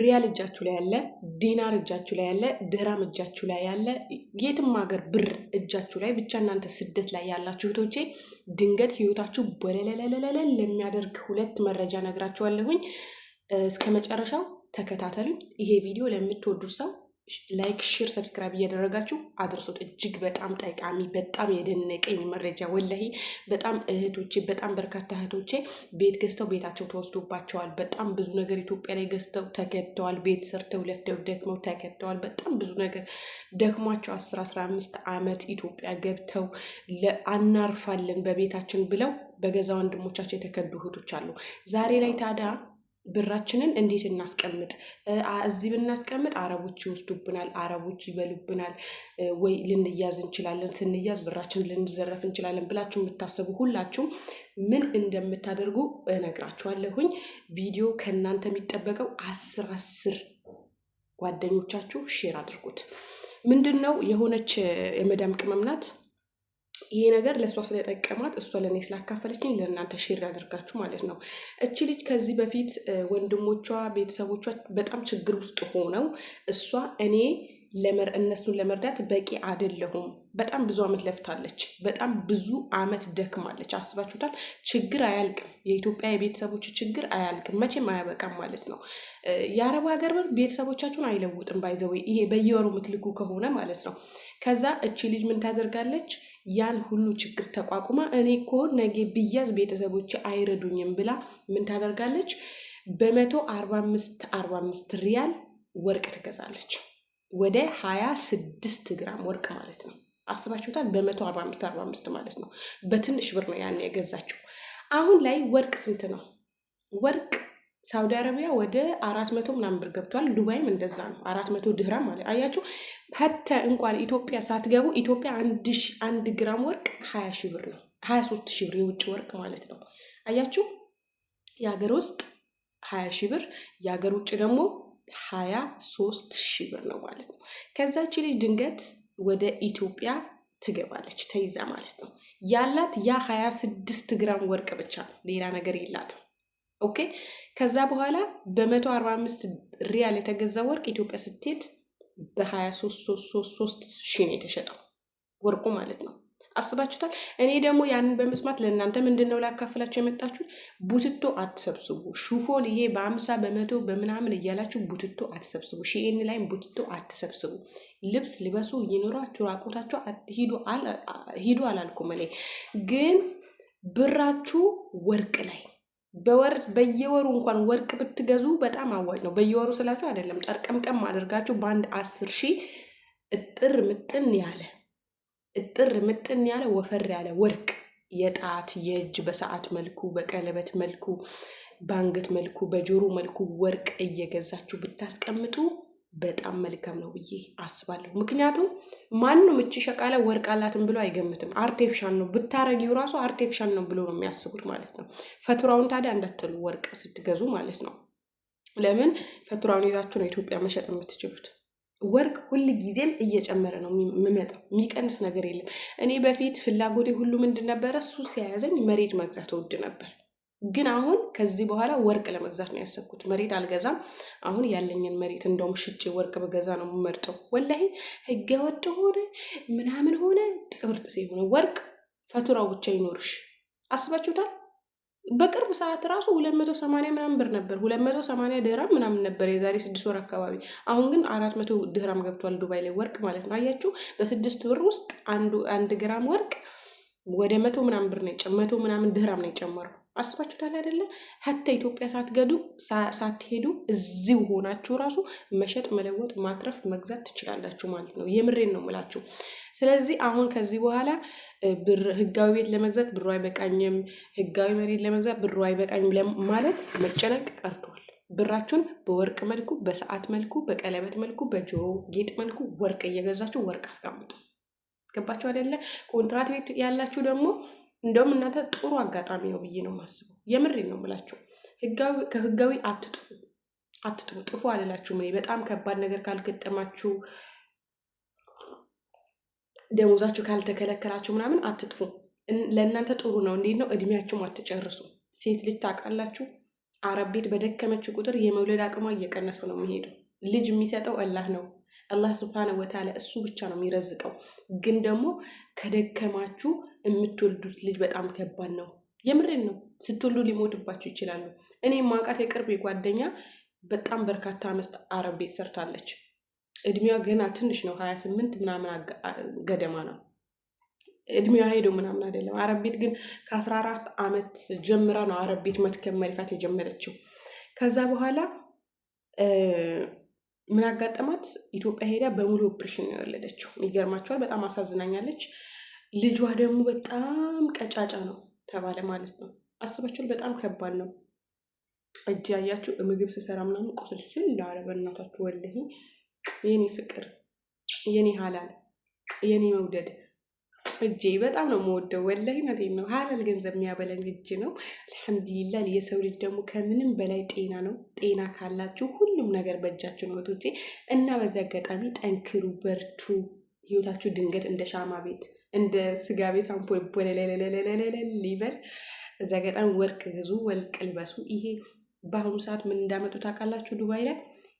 ሪያል እጃችሁ ላይ ያለ፣ ዲናር እጃችሁ ላይ ያለ፣ ድህራም እጃችሁ ላይ ያለ፣ የትም ሀገር ብር እጃችሁ ላይ ብቻ እናንተ ስደት ላይ ያላችሁ እህቶቼ ድንገት ህይወታችሁ በለለለለለ ለሚያደርግ ሁለት መረጃ ነግራችኋለሁኝ። እስከ መጨረሻው ተከታተሉኝ። ይሄ ቪዲዮ ለምትወዱት ሰው ላይክ፣ ሼር፣ ሰብስክራይብ እያደረጋችሁ አድርሶት። እጅግ በጣም ጠቃሚ በጣም የደነቀኝ መረጃ ወላሂ፣ በጣም እህቶቼ፣ በጣም በርካታ እህቶቼ ቤት ገዝተው ቤታቸው ተወስዶባቸዋል። በጣም ብዙ ነገር ኢትዮጵያ ላይ ገዝተው ተከተዋል ቤት ሰርተው ለፍተው ደክመው ተከተዋል። በጣም ብዙ ነገር ደክሟቸው አስር አስራ አምስት ዓመት ኢትዮጵያ ገብተው አናርፋለን በቤታችን ብለው በገዛ ወንድሞቻቸው የተከዱ እህቶች አሉ። ዛሬ ላይ ታዲያ ብራችንን እንዴት እናስቀምጥ? እዚህ ብናስቀምጥ አረቦች ይወስዱብናል፣ አረቦች ይበሉብናል፣ ወይ ልንያዝ እንችላለን፣ ስንያዝ ብራችን ልንዘረፍ እንችላለን ብላችሁ የምታስቡ ሁላችሁም ምን እንደምታደርጉ እነግራችኋለሁኝ። ቪዲዮ ከእናንተ የሚጠበቀው አስር አስር ጓደኞቻችሁ ሼር አድርጉት። ምንድን ነው የሆነች የመዳም ቅመም ናት ይሄ ነገር ለእሷ ስለጠቀማት እሷ ለእኔ ስላካፈለችኝ ለእናንተ ሼር ያደርጋችሁ ማለት ነው። እቺ ልጅ ከዚህ በፊት ወንድሞቿ ቤተሰቦቿ በጣም ችግር ውስጥ ሆነው እሷ እኔ እነሱን ለመርዳት በቂ አይደለሁም። በጣም ብዙ ዓመት ለፍታለች። በጣም ብዙ አመት ደክማለች። አስባችሁታል? ችግር አያልቅም። የኢትዮጵያ የቤተሰቦች ችግር አያልቅም፣ መቼም አያበቃም ማለት ነው። የአረብ ሀገር ብር ቤተሰቦቻችሁን አይለውጥም። ባይዘወ ይሄ በየወሩ የምትልኩ ከሆነ ማለት ነው። ከዛ እቺ ልጅ ምን ታደርጋለች? ያን ሁሉ ችግር ተቋቁማ እኔ እኮ ነገ ብያዝ ቤተሰቦች አይረዱኝም ብላ ምን ታደርጋለች? በመቶ አርባ አምስት አርባ አምስት ሪያል ወርቅ ትገዛለች። ወደ 26 ግራም ወርቅ ማለት ነው። አስባችሁታል? በ145 45 ማለት ነው። በትንሽ ብር ነው ያን የገዛችው። አሁን ላይ ወርቅ ስንት ነው? ወርቅ ሳውዲ አረቢያ ወደ አራት መቶ ምናምን ብር ገብቷል። ዱባይም እንደዛ ነው፣ አራት መቶ ድህራም ማለት አያችሁ። ሀተ እንኳን ኢትዮጵያ ሳትገቡ ኢትዮጵያ አንድ ግራም ወርቅ ሀያ ሺህ ብር ነው፣ ሀያ ሶስት ብር የውጭ ወርቅ ማለት ነው። አያችሁ የሀገር ውስጥ ሀያ ብር የሀገር ውጭ ደግሞ ሀያ ሶስት ሺህ ብር ነው ማለት ነው። ከዛች ልጅ ድንገት ወደ ኢትዮጵያ ትገባለች ተይዛ ማለት ነው። ያላት ያ ሀያ ስድስት ግራም ወርቅ ብቻ ነው፣ ሌላ ነገር የላትም። ኦኬ ከዛ በኋላ በመቶ አርባ አምስት ሪያል የተገዛ ወርቅ ኢትዮጵያ ስትሄድ በሀያ ሶስት ሶስት ሶስት ሺህ ነው የተሸጠው ወርቁ ማለት ነው። አስባችሁታል። እኔ ደግሞ ያንን በመስማት ለእናንተ ምንድን ነው ላካፍላችሁ የመጣችሁት፣ ቡትቶ አትሰብስቡ። ሹፎን ይሄ በአምሳ በመቶ በምናምን እያላችሁ ቡትቶ አትሰብስቡ። ሺኤን ላይም ቡትቶ አትሰብስቡ። ልብስ ልበሱ፣ ይኑራችሁ፣ ራቆታችሁ ሂዱ አላልኩም። እኔ ግን ብራችሁ ወርቅ ላይ በወር በየወሩ እንኳን ወርቅ ብትገዙ በጣም አዋጭ ነው። በየወሩ ስላችሁ አይደለም፣ ጠርቀምቀም አድርጋችሁ በአንድ አስር ሺህ እጥር ምጥን ያለ እጥር ምጥን ያለ ወፈር ያለ ወርቅ የጣት የእጅ በሰዓት መልኩ በቀለበት መልኩ በአንገት መልኩ በጆሮ መልኩ ወርቅ እየገዛችሁ ብታስቀምጡ በጣም መልካም ነው ብዬ አስባለሁ። ምክንያቱም ማንም እቺ ሸቃለ ወርቅ አላትን ብሎ አይገምትም። አርቴፊሻል ነው ብታረጊው ራሱ አርቴፊሻል ነው ብሎ ነው የሚያስቡት ማለት ነው። ፈቱራውን ታዲያ እንዳትሉ ወርቅ ስትገዙ ማለት ነው። ለምን ፈቱራውን ይዛችሁ ነው ኢትዮጵያ መሸጥ የምትችሉት? ወርቅ ሁል ጊዜም እየጨመረ ነው የሚመጣው፣ የሚቀንስ ነገር የለም። እኔ በፊት ፍላጎቴ ሁሉ ምንድን ነበረ? እሱ ሲያያዘኝ መሬት መግዛት እወድ ነበር። ግን አሁን ከዚህ በኋላ ወርቅ ለመግዛት ነው ያሰብኩት። መሬት አልገዛም። አሁን ያለኝን መሬት እንደውም ሽጬ ወርቅ በገዛ ነው የምመርጠው። ወላሂ ህገወጥ ሆነ ምናምን ሆነ ጥቅብርጥሴ የሆነ ወርቅ ፈቱራው ብቻ ይኖርሽ አስባችሁታል። በቅርብ ሰዓት ራሱ ሁለት መቶ ሰማንያ ምናምን ብር ነበር። ሁለት መቶ ሰማንያ ምናምን ነበር የዛሬ ስድስት ወር አካባቢ። አሁን ግን አራት መቶ ድህራም ገብቷል ዱባይ ላይ ወርቅ ማለት ነው። አያችሁ በስድስት ወር ውስጥ አንድ ግራም ወርቅ ወደ መቶ ምናምን ብር ነው መቶ ምናምን ድህራም ነው የጨመረው። አስባችሁታል አይደለ? ሀታ ኢትዮጵያ ሳትገዱ ሳትሄዱ እዚው ሆናችሁ ራሱ መሸጥ፣ መለወጥ፣ ማትረፍ፣ መግዛት ትችላላችሁ ማለት ነው። የምሬን ነው ምላችሁ ስለዚህ አሁን ከዚህ በኋላ ብር ህጋዊ ቤት ለመግዛት ብሩ አይበቃኝም፣ ህጋዊ መሬት ለመግዛት ብሩ አይበቃኝም ማለት መጨነቅ ቀርቷል። ብራችሁን በወርቅ መልኩ፣ በሰዓት መልኩ፣ በቀለበት መልኩ፣ በጆሮ ጌጥ መልኩ ወርቅ እየገዛችሁ ወርቅ አስቀምጡ። ገባችሁ አይደለ? ኮንትራት ቤት ያላችሁ ደግሞ እንደውም እናንተ ጥሩ አጋጣሚ ነው ብዬ ነው የማስበው። የምሬ ነው የምላቸው። ከህጋዊ አትጥፉ፣ አትጥፉ። ጥፉ አልላችሁም እኔ። በጣም ከባድ ነገር ካልገጠማችሁ፣ ደሞዛችሁ ካልተከለከላችሁ ምናምን አትጥፉ። ለእናንተ ጥሩ ነው። እንዴት ነው እድሜያችሁም አትጨርሱ። ሴት ልጅ ታውቃላችሁ፣ አረብ ቤት በደከመች ቁጥር የመውለድ አቅሟ እየቀነሰ ነው የሚሄደው። ልጅ የሚሰጠው እላህ ነው። አላህ ስብሐነ ወተዓላ እሱ ብቻ ነው የሚረዝቀው። ግን ደግሞ ከደከማችሁ የምትወልዱት ልጅ በጣም ከባድ ነው። የምሬን ነው። ስትወልዱ ሊሞትባችሁ ይችላሉ። እኔ ማውቃት የቅርብ ጓደኛ በጣም በርካታ አመት አረብ ቤት ሰርታለች። እድሜዋ ገና ትንሽ ነው፣ ሀያ ስምንት ምናምን ገደማ ነው እድሜዋ ሄዶ ምናምን አይደለም። አረብ ቤት ግን ከአስራ አራት አመት ጀምራ ነው አረብ ቤት መድከም መድፋት የጀመረችው ከዛ በኋላ ምን አጋጠማት? ኢትዮጵያ ሄዳ በሙሉ ኦፕሬሽን ነው የወለደችው። ይገርማቸዋል። በጣም አሳዝናኛለች። ልጇ ደግሞ በጣም ቀጫጫ ነው ተባለ ማለት ነው። አስባችሁል? በጣም ከባድ ነው። እጅ ያያችሁ ምግብ ስሰራ ምናምን ቁስል ስል ላለ በእናታችሁ ወለሂ የኔ ፍቅር፣ የኔ ሀላል፣ የኔ መውደድ እጄ በጣም ነው የምወደው። ወላሂ ነዴ ነው ሀላል ገንዘብ የሚያበለን እጅ ነው። አልሐምዱሊላ የሰው ልጅ ደግሞ ከምንም በላይ ጤና ነው። ጤና ካላችሁ ሁሉ ነገር በእጃችሁ ነው እና በዚህ አጋጣሚ ጠንክሩ፣ በርቱ። ህይወታችሁ ድንገት እንደ ሻማ ቤት እንደ ስጋ ቤት አምፖል ቦለለለለለለል እዚያ አጋጣሚ ወርቅ ግዙ፣ ወርቅ ልበሱ። ይሄ በአሁኑ ሰዓት ምን እንዳመጡ ታውቃላችሁ? ዱባይ ላይ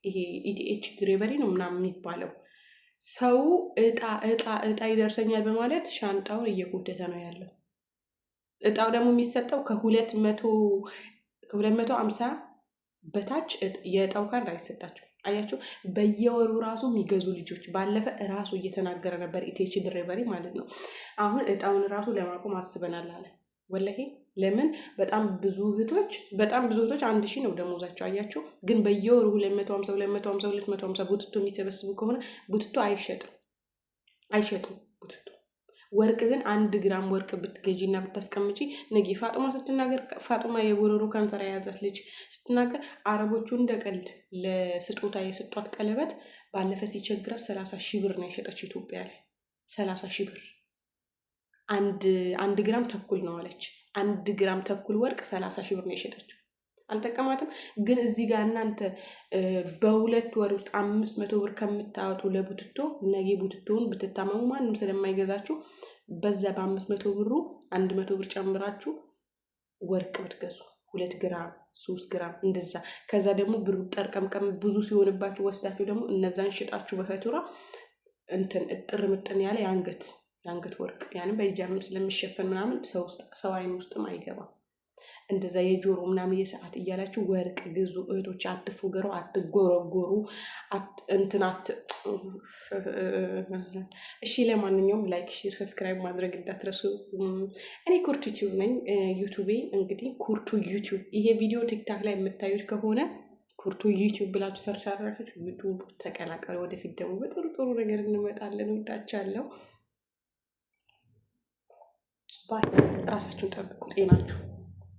ይሄ ኢቲኤች ድሬበሪ ነው ምናምን የሚባለው ሰው እጣ እጣ እጣ ይደርሰኛል በማለት ሻንጣውን እየጎደተ ነው ያለው። እጣው ደግሞ የሚሰጠው ከሁለት መቶ ከሁለት መቶ አምሳ በታች የእጣው ካርድ አይሰጣቸው። አያቸው በየወሩ ራሱ የሚገዙ ልጆች ባለፈ ራሱ እየተናገረ ነበር፣ ኢቴች ድሬቨሪ ማለት ነው። አሁን እጣውን ራሱ ለማቆም አስበናል አለ። ወላሂ ለምን በጣም ብዙ እህቶች በጣም ብዙ እህቶች አንድ ሺህ ነው ደሞዛቸው። አያቸው ግን በየወሩ ሁለት መቶ ሀምሳ ሁለት መቶ ሀምሳ ሁለት መቶ ሀምሳ ቡትቶ የሚሰበስቡ ከሆነ ቡትቶ አይሸጥም አይሸጥም ቡትቶ ወርቅ ግን አንድ ግራም ወርቅ ብትገዢና ብታስቀምጪ ነጊ ፋጥማ ስትናገር ፋጥማ የጉሮሮ ካንሰር የያዛት ልጅ ስትናገር አረቦቹ እንደ ቀልድ ለስጦታ የሰጧት ቀለበት ባለፈ ሲቸግራት ሰላሳ ሺህ ብር ነው የሸጠች ኢትዮጵያ ላይ ሰላሳ ሺህ ብር አንድ ግራም ተኩል ነው አለች። አንድ ግራም ተኩል ወርቅ ሰላሳ ሺህ ብር ነው የሸጠችው። አልጠቀማትም። ግን እዚህ ጋር እናንተ በሁለት ወር ውስጥ አምስት መቶ ብር ከምታወጡ ለቡትቶ ነገ ቡትቶውን ብትታመሙ ማንም ስለማይገዛችሁ በዛ በአምስት መቶ ብሩ አንድ መቶ ብር ጨምራችሁ ወርቅ ብትገዙ ሁለት ግራም ሶስት ግራም እንደዛ። ከዛ ደግሞ ብሩ ጠርቀምቀም ብዙ ሲሆንባችሁ ወስዳችሁ ደግሞ እነዛን ሽጣችሁ በፈቱራ እንትን እጥር ምጥን ያለ የአንገት የአንገት ወርቅ ያንም በሂጃብም ስለሚሸፈን ምናምን ሰው አይን ውስጥም አይገባም። እንደዛ የጆሮ ምናምን የሰዓት እያላችሁ ወርቅ ግዙ እህቶች፣ አትፎገሩ፣ አትጎረጎሩ፣ እንትን አት እሺ። ለማንኛውም ላይክ፣ ሼር፣ ሰብስክራይብ ማድረግ እንዳትረሱ። እኔ ኩርቱ ዩቲዩብ ነኝ። ዩቱቤ እንግዲህ ኩርቱ ዩቲዩብ። ይሄ ቪዲዮ ቲክታክ ላይ የምታዩት ከሆነ ኩርቱ ዩቲዩብ ብላችሁ ሰርች አድርጋችሁ ዩቱብ ተቀላቀሉ። ወደፊት ደግሞ በጥሩ ጥሩ ነገር እንመጣለን። ወዳቻለሁ። ባይ። ራሳችሁን ጠብቁ። ጤናችሁ